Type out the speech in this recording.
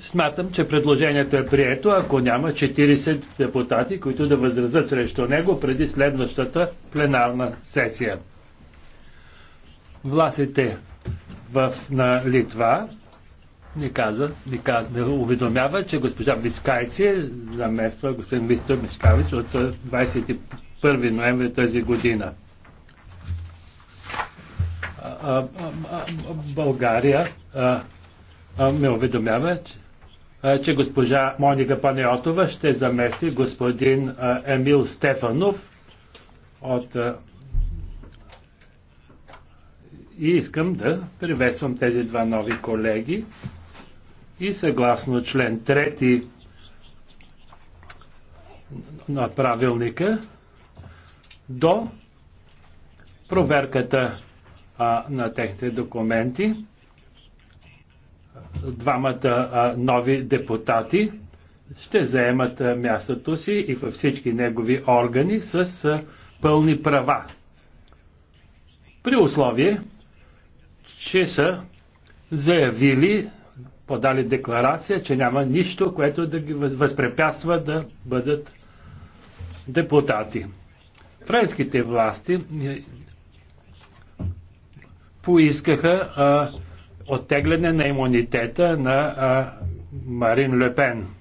Смятам, че предложението е прието, ако няма 40 депутати, които да възразят срещу него преди следващата пленарна сесия. Властите в, на Литва ни каза, ни каза, ни уведомява, че госпожа Бискайци замества господин Мистер Мишкавич от 21 ноември тази година. България ме уведомява, че госпожа Моника Панеотова ще замести господин Емил Стефанов от и искам да приветствам тези два нови колеги и съгласно член 3 на правилника до проверката а, на техните документи двамата нови депутати ще заемат мястото си и във всички негови органи с пълни права. При условие, че са заявили, подали декларация, че няма нищо, което да ги възпрепятства да бъдат депутати. Френските власти е, поискаха а, оттегляне на имунитета на Марин Лепен.